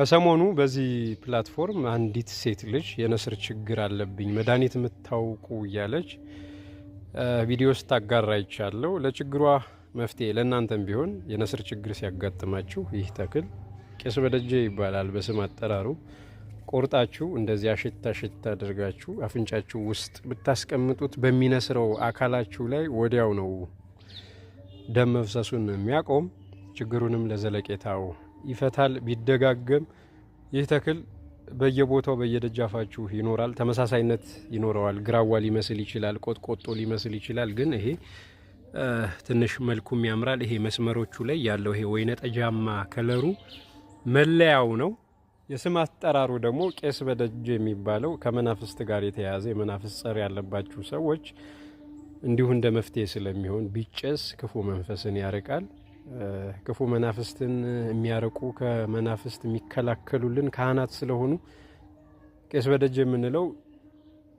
ከሰሞኑ በዚህ ፕላትፎርም አንዲት ሴት ልጅ የነስር ችግር አለብኝ መድኃኒት የምታውቁ እያለች ቪዲዮ ስታጋራ ይቻለው። ለችግሯ መፍትሄ ለእናንተም ቢሆን የነስር ችግር ሲያጋጥማችሁ ይህ ተክል ቄስ በደጀ ይባላል በስም አጠራሩ። ቆርጣችሁ እንደዚህ አሽታ ሽታ አድርጋችሁ አፍንጫችሁ ውስጥ ብታስቀምጡት በሚነስረው አካላችሁ ላይ ወዲያው ነው ደም መፍሰሱን የሚያቆም ችግሩንም ለዘለቄታው ይፈታል ቢደጋገም ይህ ተክል በየቦታው በየደጃፋችሁ ይኖራል። ተመሳሳይነት ይኖረዋል። ግራዋ ሊመስል ይችላል፣ ቆጥቆጦ ሊመስል ይችላል። ግን ይሄ ትንሽ መልኩም ያምራል። ይሄ መስመሮቹ ላይ ያለው ይሄ ወይነ ጠጃማ ከለሩ መለያው ነው። የስም አጠራሩ ደግሞ ቄስ በደጅ የሚባለው ከመናፍስት ጋር የተያያዘ የመናፍስት ጸር ያለባችሁ ሰዎች እንዲሁ እንደ መፍትሄ ስለሚሆን ቢጨስ ክፉ መንፈስን ያርቃል። ክፉ መናፍስትን የሚያረቁ ከመናፍስት የሚከላከሉልን ካህናት ስለሆኑ ቄስ በደጅ የምንለው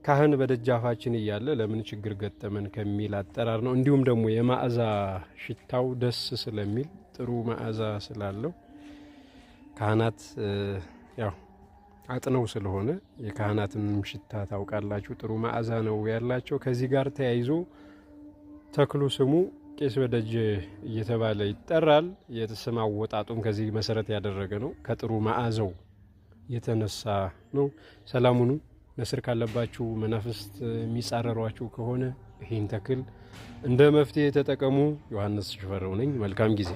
ካህን በደጃፋችን እያለ ለምን ችግር ገጠመን ከሚል አጠራር ነው። እንዲሁም ደግሞ የመዓዛ ሽታው ደስ ስለሚል ጥሩ መዓዛ ስላለው ካህናት ያው አጥነው ስለሆነ የካህናትንም ሽታ ታውቃላችሁ፣ ጥሩ መዓዛ ነው ያላቸው። ከዚህ ጋር ተያይዞ ተክሉ ስሙ ቄስ በደጅ እየተባለ ይጠራል። የስም አወጣጡም ከዚህ መሰረት ያደረገ ነው። ከጥሩ መዓዛው የተነሳ ነው። ሰላሙኑ ነስር ካለባችሁ መናፍስት የሚጻረሯችሁ ከሆነ ይህን ተክል እንደ መፍትሄ ተጠቀሙ። ዮሐንስ ሽፈረው ነኝ። መልካም ጊዜ